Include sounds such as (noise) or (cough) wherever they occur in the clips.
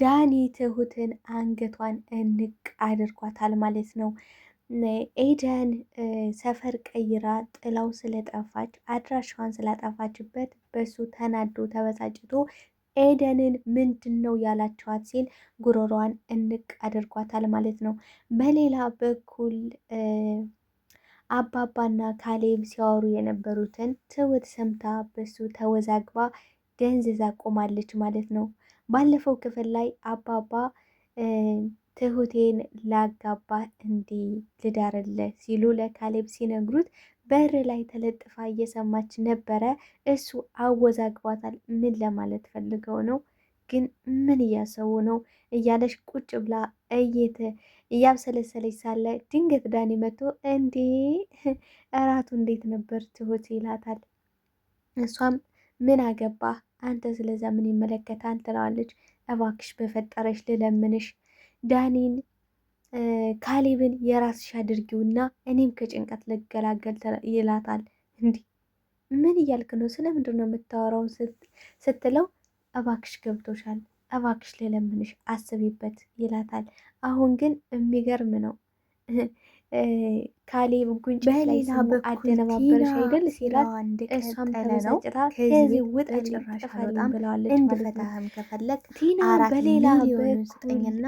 ዳኒ ትሁትን አንገቷን እንቅ አድርጓታል ማለት ነው። ኤደን ሰፈር ቀይራ ጥላው ስለጠፋች አድራሻዋን ስላጠፋችበት በሱ ተናዶ ተበሳጭቶ ኤደንን ምንድን ነው ያላቸዋት ሲል ጉሮሯን እንቅ አድርጓታል ማለት ነው። በሌላ በኩል አባባና ካሌብ ሲያወሩ የነበሩትን ትሁት ሰምታ በሱ ተወዛግባ ደንዝዛ ቆማለች ማለት ነው። ባለፈው ክፍል ላይ አባባ ትሁቴን ላጋባ እንዲ ልዳርለ ሲሉ ለካሌብ ሲነግሩት በር ላይ ተለጥፋ እየሰማች ነበረ። እሱ አወዛግቧታል። ምን ለማለት ፈልገው ነው? ግን ምን እያሰቡ ነው? እያለች ቁጭ ብላ እየተ እያብሰለሰለች ሳለ ድንገት ዳኒ መጥቶ እንዴ እራቱ እንዴት ነበር ትሁት ይላታል። እሷም ምን አገባ አንተ ስለዛ ምን ይመለከታል ትለዋለች። እባክሽ በፈጠረሽ ልለምንሽ ዳኒን ካሊብን የራስሽ አድርጊውና እኔም ከጭንቀት ልገላገል ይላታል። እንዲህ ምን እያልክ ነው? ስለምንድን ነው የምታወራው? ስትለው እባክሽ ገብቶሻል፣ እባክሽ ልለምንሽ አስቢበት ይላታል። አሁን ግን የሚገርም ነው ካሌብ ጉንጭ በሌላ ስሙ አደነባበረሽ አይደል ሲላት እሷም ተመሳጭታ ከዚህ ውጥ ጭራሽ በጣም ብለዋለች። እንድፈታህም ከፈለግ ቲና በሌላ በቁጠኝና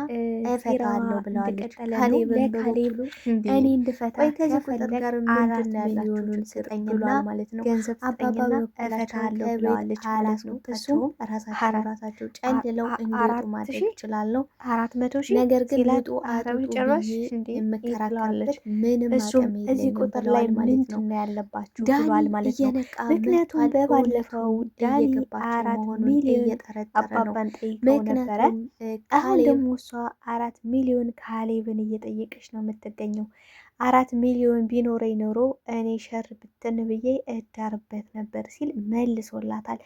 እፈታዋለሁ ብለዋለች። ካሌብ ለካሌብ እኔ እንድፈታ ከፈለግ አራት ሚሊዮኑን ስጠኝና ማለት ነው ገንዘብ አባባዊ እፈታለሁ ብለዋለች ማለት ነው። እሱም ራሳቸው ጨልለው እንዲወጡ ማድረግ ይችላለሁ አራት መቶ ሺህ ነገር ግን ላጡ አቶ ጭራሽ የምከራከርበት ምንም ፍጹም እዚህ ቁጥር ላይ ምንድን ነው ያለባችሁ ብሏል ማለት ነው። ምክንያቱም በባለፈው ዳኒ አራት ሚሊዮን አባባን ጠይቀው ነበረ። አሁን ደግሞ እሷ አራት ሚሊዮን ካሌብን እየጠየቀች ነው የምትገኘው። አራት ሚሊዮን ቢኖረኝ ኖሮ እኔ ሸር ብትን ብዬ እዳርበት ነበር ሲል መልሶላታል።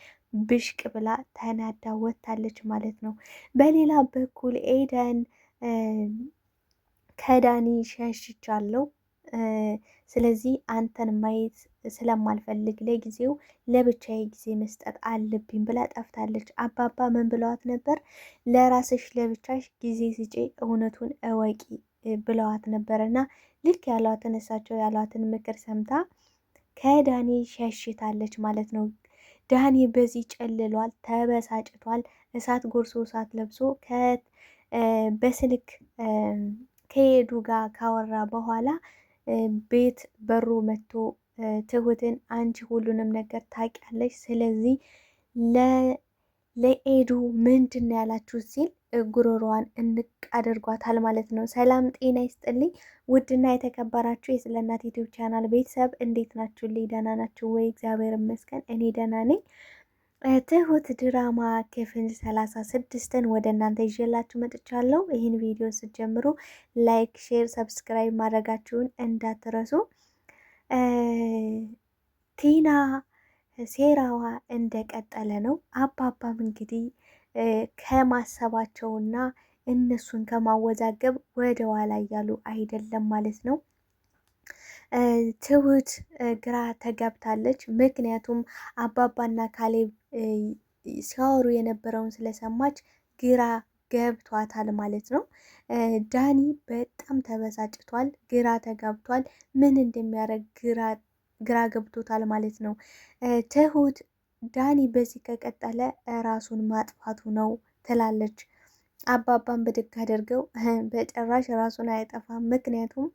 ብሽቅ ብላ ተናዳ ወታለች ማለት ነው። በሌላ በኩል ኤደን ከዳኒ ሸሽቻለሁ ስለዚህ አንተን ማየት ስለማልፈልግ ለጊዜው ለብቻዬ ጊዜ መስጠት አለብኝ ብላ ጠፍታለች። አባባ ምን ብለዋት ነበር? ለራስሽ ለብቻሽ ጊዜ ስጪ፣ እውነቱን እወቂ ብለዋት ነበር እና ልክ ያሏትን እሳቸው ያሏትን ምክር ሰምታ ከዳኒ ሸሽታለች ማለት ነው። ዳኒ በዚህ ጨልሏል፣ ተበሳጭቷል። እሳት ጎርሶ እሳት ለብሶ በስልክ ከሄዱ ጋር ካወራ በኋላ ቤት በሩ መጥቶ ትሁትን አንቺ ሁሉንም ነገር ታውቂያለሽ፣ ስለዚህ ለኤዱ ምንድን ያላችሁ ሲል ጉሮሮዋን እንቅ አድርጓታል ማለት ነው። ሰላም ጤና ይስጥልኝ ውድና የተከበራችሁ የስለ እናት ዩቲዩብ ቻናል ቤተሰብ እንዴት ናችሁ? ደህና ናችሁ ወይ? እግዚአብሔር ይመስገን እኔ ደህና ነኝ። ትሁት ድራማ ክፍል ሰላሳ ስድስትን ወደ እናንተ ይዤላችሁ መጥቻለሁ። ይህን ቪዲዮ ስትጀምሩ ላይክ፣ ሼር፣ ሰብስክራይብ ማድረጋችሁን እንዳትረሱ። ቲና ሴራዋ እንደቀጠለ ነው። አባባም እንግዲህ ከማሰባቸውና እነሱን ከማወዛገብ ወደ ኋላ እያሉ አይደለም ማለት ነው። ትሁት ግራ ተገብታለች ምክንያቱም አባባና ካሌብ ሲያወሩ የነበረውን ስለሰማች ግራ ገብቷታል ማለት ነው። ዳኒ በጣም ተበሳጭቷል፣ ግራ ተጋብቷል። ምን እንደሚያደርግ ግራ ገብቶታል ማለት ነው። ትሁት ዳኒ በዚህ ከቀጠለ ራሱን ማጥፋቱ ነው ትላለች። አባባን ብድግ አድርገው በጭራሽ ራሱን አያጠፋም፣ ምክንያቱም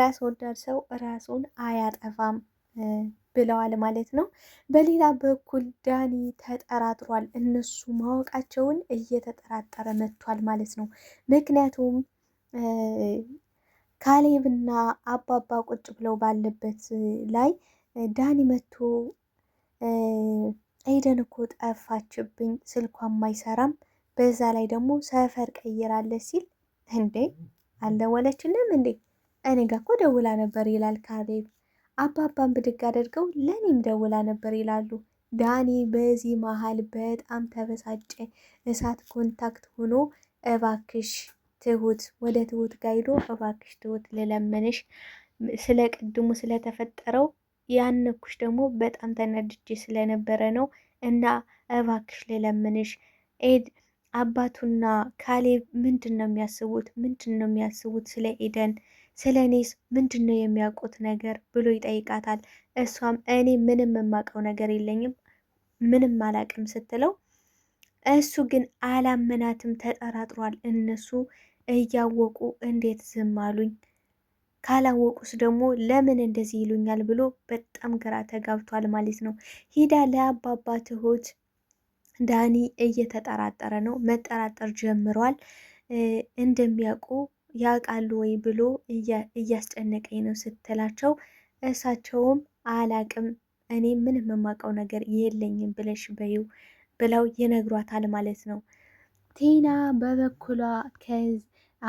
ራስ ወዳድ ሰው ራሱን አያጠፋም ብለዋል ማለት ነው። በሌላ በኩል ዳኒ ተጠራጥሯል። እነሱ ማወቃቸውን እየተጠራጠረ መጥቷል ማለት ነው። ምክንያቱም ካሌብና አባባ ቁጭ ብለው ባለበት ላይ ዳኒ መጥቶ ኤደን እኮ ጠፋችብኝ፣ ስልኳም አይሰራም በዛ ላይ ደግሞ ሰፈር ቀይራለች ሲል እንዴ አልደወለችልም እንዴ እኔ ጋ እኮ ደውላ ነበር ይላል ካሌብ። አባባን ብድግ አድርገው ለእኔም ደውላ ነበር ይላሉ። ዳኒ በዚህ መሀል በጣም ተበሳጨ። እሳት ኮንታክት ሆኖ እባክሽ ትሁት ወደ ትሁት ጋይዶ እባክሽ ትሁት ልለመንሽ ስለ ቅድሙ ስለተፈጠረው ያነኩሽ ደግሞ በጣም ተናድጄ ስለነበረ ነው እና እባክሽ ልለምንሽ ኤድ አባቱና ካሌብ ምንድን ነው የሚያስቡት? ምንድን ነው የሚያስቡት? ስለ ኤደን ስለ እኔስ ምንድን ነው የሚያውቁት ነገር ብሎ ይጠይቃታል። እሷም እኔ ምንም የማውቀው ነገር የለኝም ምንም አላቅም ስትለው እሱ ግን አላመናትም፣ ተጠራጥሯል። እነሱ እያወቁ እንዴት ዝም አሉኝ? ካላወቁስ ደግሞ ለምን እንደዚህ ይሉኛል ብሎ በጣም ግራ ተጋብቷል ማለት ነው። ሂዳ ለአባባ ትሁት ዳኒ እየተጠራጠረ ነው። መጠራጠር ጀምሯል። እንደሚያውቁ ያውቃሉ ወይ ብሎ እያስጨነቀኝ ነው ስትላቸው እሳቸውም አላቅም እኔ ምንም የማውቀው ነገር የለኝም ብለሽ በዩ ብለው ይነግሯታል ማለት ነው። ቴና በበኩሏ ከዝ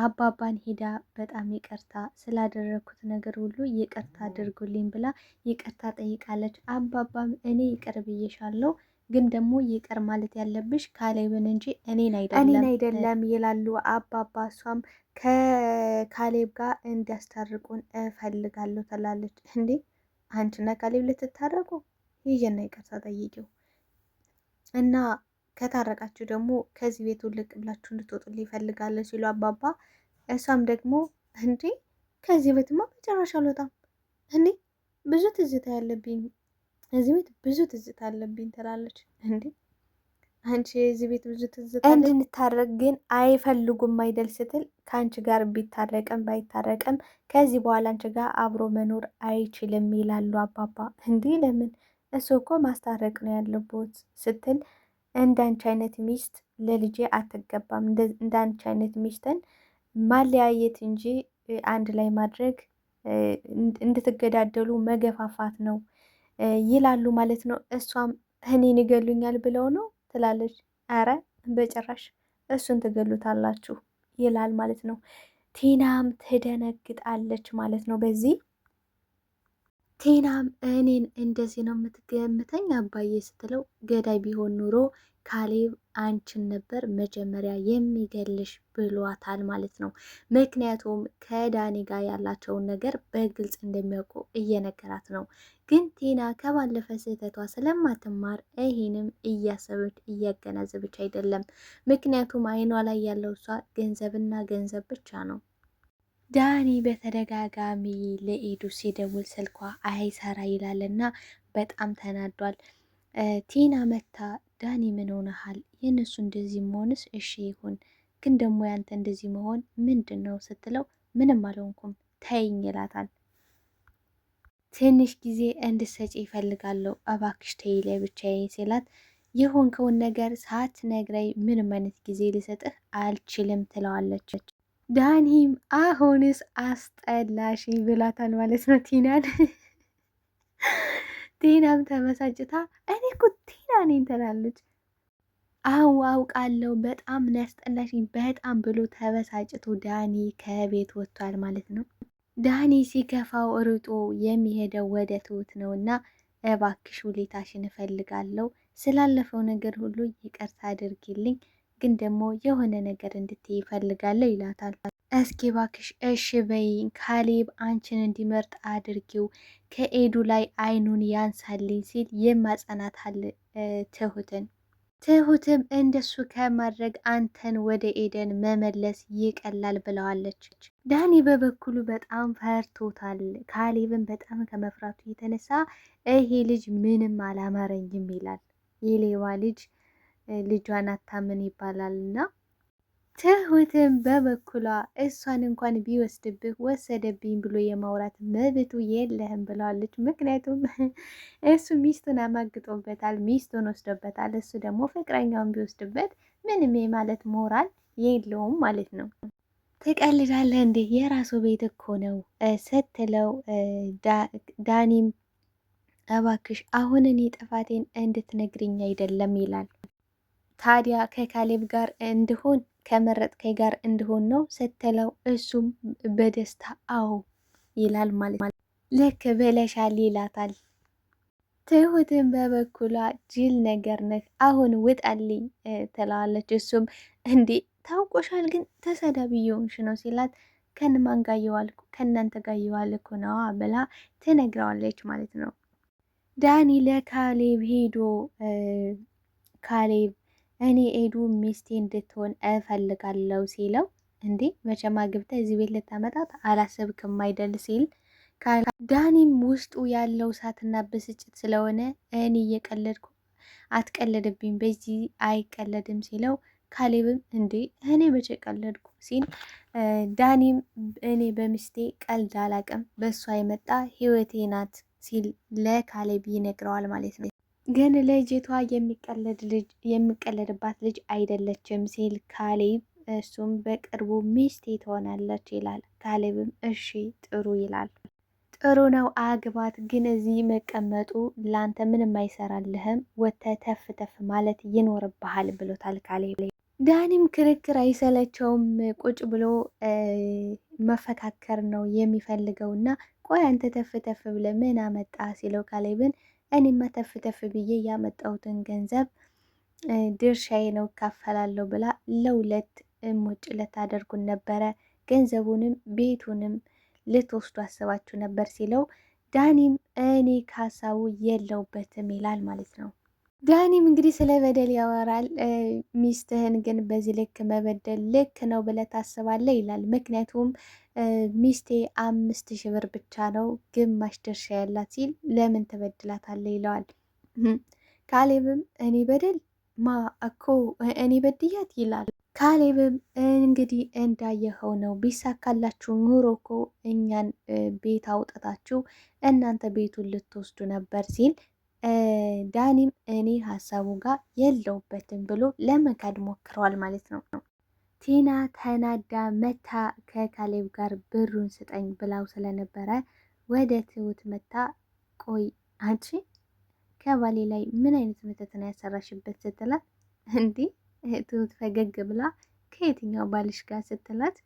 አባባን ሄዳ በጣም ይቅርታ ስላደረግኩት ነገር ሁሉ ይቅርታ አድርጉልኝ ብላ ይቅርታ ጠይቃለች። አባባም እኔ ይቅር ብዬሻለሁ ግን ደግሞ ይቅር ማለት ያለብሽ ካሌብን እንጂ እኔን አይደለም አይደለም ይላሉ አባባ። እሷም ከካሌብ ጋር እንዲያስታርቁን እፈልጋለሁ ትላለች። እንዴ አንቺና ካሌብ ልትታረቁ? ይህና ይቅርታ ጠይቂው እና ከታረቃችሁ ደግሞ ከዚህ ቤት ውልቅ ብላችሁ እንድትወጡልኝ ይፈልጋለሁ ሲሉ አባባ። እሷም ደግሞ እንዴ ከዚህ ቤትማ መጨረሻ አልወጣም፣ እኔ ብዙ ትዝታ ያለብኝ እዚህ ቤት ብዙ ትዝታ አለብኝ ትላለች። እንዴ አንቺ የዚህ ቤት ብዙ ትዝታ እንድንታረቅ ግን አይፈልጉም አይደል ስትል ከአንቺ ጋር ቢታረቅም ባይታረቅም ከዚህ በኋላ አንቺ ጋር አብሮ መኖር አይችልም ይላሉ አባባ። እንዲህ ለምን እሱ እኮ ማስታረቅ ነው ያለቦት ስትል እንዳንቺ አይነት ሚስት ለልጄ አትገባም። እንዳንቺ አይነት ሚስትን ማለያየት እንጂ አንድ ላይ ማድረግ እንድትገዳደሉ መገፋፋት ነው ይላሉ ማለት ነው። እሷም እኔን ይገሉኛል ብለው ነው ትላለች። አረ በጭራሽ እሱን ትገሉታላችሁ ይላል ማለት ነው። ቴናም ትደነግጣለች ማለት ነው። በዚህ ቴናም እኔን እንደዚህ ነው የምትገምተኝ አባዬ ስትለው ገዳይ ቢሆን ኑሮ ካሌብ አንቺን ነበር መጀመሪያ የሚገልሽ ብሏታል ማለት ነው። ምክንያቱም ከዳኒ ጋር ያላቸውን ነገር በግልጽ እንደሚያውቁ እየነገራት ነው። ግን ቲና ከባለፈ ስህተቷ ስለማትማር ይህንም እያሰበች እያገናዘበች አይደለም። ምክንያቱም አይኗ ላይ ያለው እሷ ገንዘብና ገንዘብ ብቻ ነው። ዳኒ በተደጋጋሚ ለኢዱ ሲደውል ስልኳ አይሰራ ይላልና በጣም ተናዷል። ቲና መታ ዳኒ ምን ሆነሃል? የእነሱ እንደዚህ መሆንስ እሺ ይሁን፣ ግን ደግሞ ያንተ እንደዚህ መሆን ምንድን ነው ስትለው ምንም አልሆንኩም ተይኝ ይላታል። ትንሽ ጊዜ እንድሰጪ ይፈልጋለሁ እባክሽ ተይ ላይ ብቻዬን ሲላት የሆንከውን ነገር ሰዓት ሳትነግረኝ ምንም አይነት ጊዜ ልሰጥህ አልችልም ትለዋለች። ዳኒም አሁንስ አስጠላሽ ብላታን ማለት ነው ቲናን ቴናም ተመሳጭታ እኔ እኮ ቴና ነኝ ትላለች። አው አውቃለሁ በጣም ነስጠላሽ በጣም ብሎ ተበሳጭቶ ዳኒ ከቤት ወጥቷል ማለት ነው። ዳኒ ሲከፋው ርጦ የሚሄደው ወደ ትሁት ነው እና እባክሽ ውለታሽን እፈልጋለሁ ስላለፈው ነገር ሁሉ ይቅርታ አድርጊልኝ ግን ደግሞ የሆነ ነገር እንድትይ ይፈልጋለ ይላታል። እስኪ ባክሽ እሺ በይ፣ ካሌብ አንቺን እንዲመርጥ አድርጊው፣ ከኤዱ ላይ አይኑን ያንሳልኝ ሲል የማጸናታል ትሁትን። ትሁትም እንደሱ ከማድረግ አንተን ወደ ኤደን መመለስ ይቀላል ብለዋለች። ዳኒ በበኩሉ በጣም ፈርቶታል። ካሌብን በጣም ከመፍራቱ የተነሳ ይሄ ልጅ ምንም አላማረኝም ይላል። የሌባ ልጅ ልጇን አታምን ይባላል እና ትሁትም በበኩሏ እሷን እንኳን ቢወስድብህ ወሰደብኝ ብሎ የማውራት መብቱ የለህም ብለዋለች። ምክንያቱም እሱ ሚስቱን አማግጦበታል፣ ሚስቱን ወስዶበታል። እሱ ደግሞ ፍቅረኛውን ቢወስድበት ምንም ማለት ሞራል የለውም ማለት ነው። ትቀልዳለህ እንዴ? የራሱ ቤት እኮ ነው ስትለው ዳኒም እባክሽ አሁን እኔ ጥፋቴን አይደለም ይላል። ታዲያ ከካሌብ ጋር እንድሆን ከመረጥከኝ ጋር እንድሆን ነው ስትለው እሱም በደስታ አዎ ይላል ማለት ነው። ልክ ብለሻል ይላታል። ትሁትን በበኩሏ ጅል ነገር ነህ፣ አሁን ውጣልኝ ትለዋለች። እሱም እንዴ ታውቆሻል፣ ግን ተሰዳቢ እየሆንሽ ነው ሲላት ከነማን ጋር የዋልኩ ከእናንተ ጋር የዋልኩ ነዋ ብላ ትነግረዋለች ማለት ነው። ዳኒ ለካሌብ ሄዶ ካሌብ እኔ ኤዱ ሚስቴ እንድትሆን እፈልጋለሁ ሲለው እንዴ መቼም አግብተህ እዚህ ቤት ልታመጣት አላሰብክም አይደል ሲል ዳኒም ውስጡ ያለው እሳትና ብስጭት ስለሆነ እኔ እየቀለድኩ አትቀለድብኝ፣ በዚህ አይቀለድም ሲለው ካሌብም እንዴ እኔ መቼ ቀለድኩ ሲል ዳኒም እኔ በሚስቴ ቀልድ አላቅም፣ በእሷ የመጣ ህይወቴ ናት ሲል ለካሌብ ይነግረዋል ማለት ነው። ግን ልጅቷ የሚቀለድባት ልጅ አይደለችም ሲል ካሌብ እሱም በቅርቡ ሚስቴ ትሆናለች ይላል። ካሌብም እሺ ጥሩ ይላል። ጥሩ ነው አግባት፣ ግን እዚህ መቀመጡ ለአንተ ምንም አይሰራልህም፣ ወተ ተፍ ተፍ ማለት ይኖርብሃል ብሎታል ካሌብ። ዳኒም ክርክር አይሰለቸውም፣ ቁጭ ብሎ መፈካከር ነው የሚፈልገው እና ቆይ አንተ ተፍ ተፍ ብለህ ምን አመጣ ሲለው ካሌብን እኔማ ተፍ ተፍ ብዬ ያመጣሁትን ገንዘብ ድርሻዬ ነው እካፈላለሁ ብላ ለሁለት እሞጭለት አደርጉን ነበረ። ገንዘቡንም ቤቱንም ልትወስዱ አስባችሁ ነበር ሲለው ዳኒም እኔ ከሀሳቡ የለውበትም ይላል ማለት ነው። ዳኒም እንግዲህ ስለ በደል ያወራል። ሚስትህን ግን በዚህ ልክ መበደል ልክ ነው ብለህ ታስባለህ ይላል። ምክንያቱም ሚስቴ አምስት ሺህ ብር ብቻ ነው ግማሽ ድርሻ ያላት ሲል ለምን ትበድላታለህ ይለዋል። ካሌብም እኔ በደል ማ እኮ እኔ በድያት ይላል። ካሌብም እንግዲህ እንዳየኸው ነው፣ ቢሳካላችሁ ኑሮ እኮ እኛን ቤት አውጥታችሁ እናንተ ቤቱን ልትወስዱ ነበር ሲል ዳኒም እኔ ሀሳቡ ጋር የለውበትም ብሎ ለመካድ ሞክረዋል ማለት ነው። ቲና ተናዳ መታ ከካሌብ ጋር ብሩን ስጠኝ ብላው ስለነበረ ወደ ትሁት መታ። ቆይ አንቺ ከባሌ ላይ ምን አይነት መተትና ያሰራሽበት ስትላት፣ እንዲህ ትሁት ፈገግ ብላ ከየትኛው ባልሽ ጋር ስትላት፣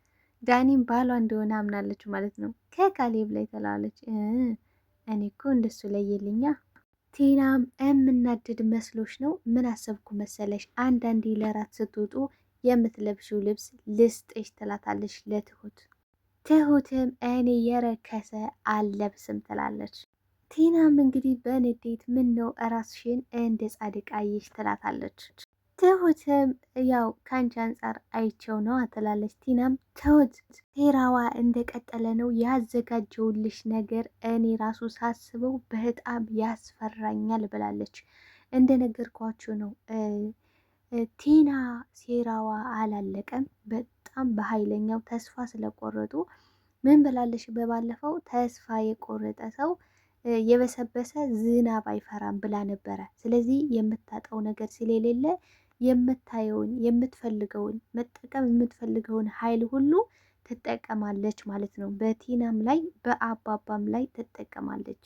ዳኒም ባሏ እንደሆነ አምናለች ማለት ነው። ከካሌብ ላይ ተላለች። እኔ እኮ እንደሱ ላይ የልኛ ቲናም የምናድድ መስሎች ነው። ምን አሰብኩ መሰለሽ፣ አንዳንዴ ለራት ስትወጡ የምትለብሽው ልብስ ልስጥሽ ትላታለች ለትሁት። ትሁትም እኔ የረከሰ አለብስም ትላለች። ቲናም እንግዲህ በንዴት ምን ነው እራስሽን እንደ ጻድቅ ትላታለች። ትሁትም ያው ከአንቺ አንጻር አይቸው ነው አትላለች። ቲናም ትሁት ሴራዋ እንደቀጠለ ነው ያዘጋጀውልሽ ነገር እኔ ራሱ ሳስበው በጣም ያስፈራኛል ብላለች። እንደነገርኳችሁ ነው ቲና ሴራዋ አላለቀም። በጣም በኃይለኛው ተስፋ ስለቆረጡ ምን ብላለች? በባለፈው ተስፋ የቆረጠ ሰው የበሰበሰ ዝናብ አይፈራም ብላ ነበረ። ስለዚህ የምታጣው ነገር ስለሌለ የምታየውን የምትፈልገውን መጠቀም የምትፈልገውን ኃይል ሁሉ ትጠቀማለች ማለት ነው። በቲናም ላይ በአባባም ላይ ትጠቀማለች።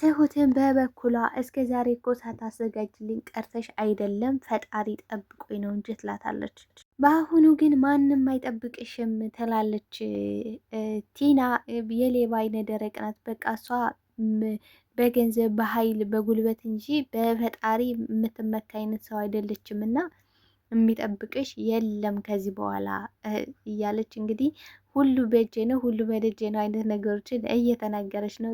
ትሁትን በበኩሏ እስከ ዛሬ እኮ ሳታዘጋጅልኝ ቀርተሽ አይደለም ፈጣሪ ጠብቆኝ ነው እንጂ ትላታለች። በአሁኑ ግን ማንም አይጠብቅሽም ትላለች ቲና። የሌባ አይነ ደረቅ ናት። በቃ እሷ በገንዘብ በኃይል በጉልበት እንጂ በፈጣሪ የምትመካ አይነት ሰው አይደለችም እና የሚጠብቅሽ የለም ከዚህ በኋላ እያለች እንግዲህ ሁሉ በእጄ ነው ሁሉ በደጄ ነው አይነት ነገሮችን እየተናገረች ነው።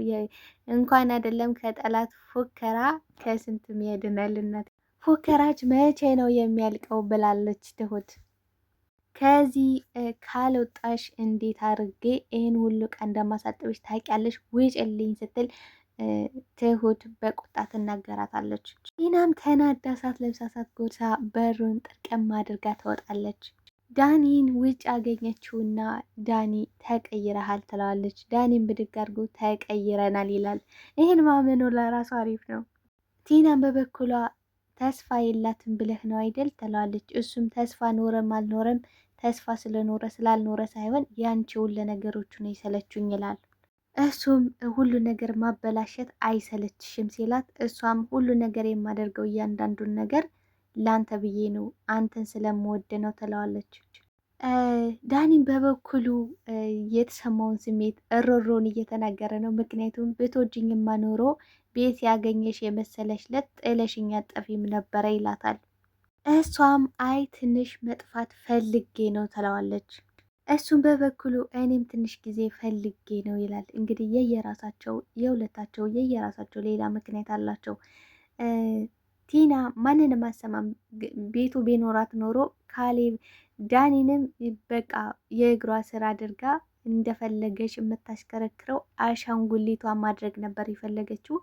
እንኳን አይደለም ከጠላት ፉከራ ከስንት ያድናል ፉከራች መቼ ነው የሚያልቀው ብላለች ትሁት። ከዚህ ካልወጣሽ እንዴት አድርጌ ይህን ሁሉ ቀን እንደማሳጥብሽ ታውቂያለሽ፣ ውጭልኝ ስትል ትሁት በቁጣ ትናገራታለች። ቲናም ተናዳ ሳት ለብሳሳት ጎርሳ በሩን ጥርቅም አድርጋ ትወጣለች። ዳኒን ውጭ አገኘችውና ዳኒ ተቀይረሃል ትለዋለች። ዳኒን ብድግ አድርጎ ተቀይረናል ይላል። ይህን ማመኑ ለራሱ አሪፍ ነው። ቲናም በበኩሏ ተስፋ የላትም ብለህ ነው አይደል ትለዋለች። እሱም ተስፋ ኖረም አልኖረም ተስፋ ስለኖረ ስላልኖረ ሳይሆን ያንቺውን ለነገሮቹ ነው የሰለችኝ ይላል። እሱም ሁሉ ነገር ማበላሸት አይሰለችሽም ሲላት፣ እሷም ሁሉ ነገር የማደርገው እያንዳንዱን ነገር ላንተ ብዬ ነው አንተን ስለምወድ ነው ትለዋለች። ዳኒም በበኩሉ የተሰማውን ስሜት እሮሮን እየተናገረ ነው። ምክንያቱም ብትወጂኝማ ማኖሮ ቤት ያገኘሽ የመሰለሽ ለት ጥለሽኛ ጠፊም ነበረ ይላታል። እሷም አይ ትንሽ መጥፋት ፈልጌ ነው ትለዋለች። እሱም በበኩሉ እኔም ትንሽ ጊዜ ፈልጌ ነው ይላል። እንግዲህ የየራሳቸው የሁለታቸው የየራሳቸው ሌላ ምክንያት አላቸው። ቲና ማንንም አሰማም ቤቱ ቢኖራት ኖሮ ካሌብ ዳኒንም በቃ የእግሯ ስር አድርጋ እንደፈለገች የምታሽከረክረው አሻንጉሊቷ ማድረግ ነበር የፈለገችው።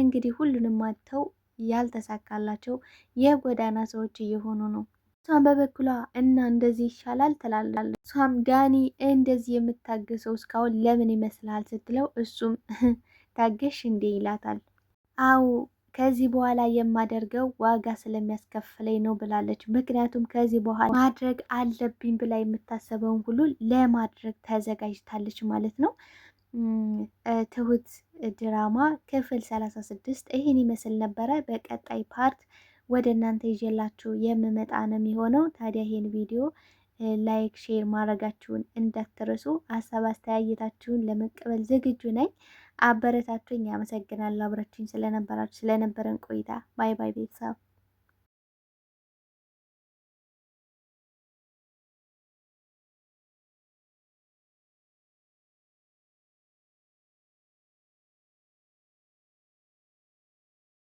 እንግዲህ ሁሉንም አጥተው ያልተሳካላቸው የጎዳና ሰዎች እየሆኑ ነው። እሷን በበኩሏ እና እንደዚህ ይሻላል ትላላለ። እሷም ዳኒ እንደዚህ የምታገሰው እስካሁን ለምን ይመስልሃል ስትለው እሱም (laughs) ታገሽ እንዴ ይላታል። አዎ ከዚህ በኋላ የማደርገው ዋጋ ስለሚያስከፍለኝ ነው ብላለች። ምክንያቱም ከዚህ በኋላ ማድረግ አለብኝ ብላ የምታሰበውን ሁሉ ለማድረግ ተዘጋጅታለች ማለት ነው። ትሁት ድራማ ክፍል ሰላሳ ስድስት ይህን ይመስል ነበረ። በቀጣይ ፓርት ወደ እናንተ ይዤላችሁ የምመጣ ነው የሚሆነው። ታዲያ ይሄን ቪዲዮ ላይክ፣ ሼር ማድረጋችሁን እንዳትረሱ። ሀሳብ አስተያየታችሁን ለመቀበል ዝግጁ ነኝ። አበረታቱኝ። አመሰግናለሁ አብራችሁኝ ስለነበራችሁ ስለነበረን ቆይታ። ባይ ባይ ቤተሰብ